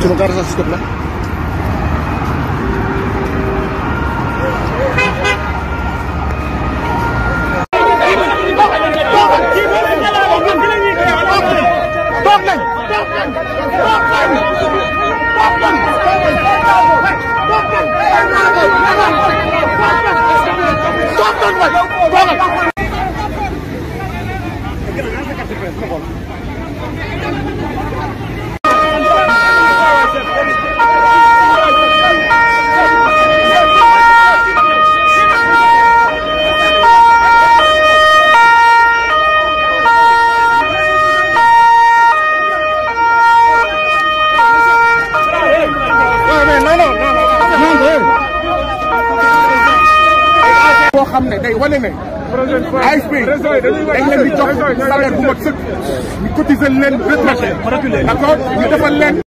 cuma karena sikit lang. Thank boo xam ne day wane ne ASP dañ leen di jox salaire bu mag sëkk ñu cotiser leen retraité d'accord ñu defal leen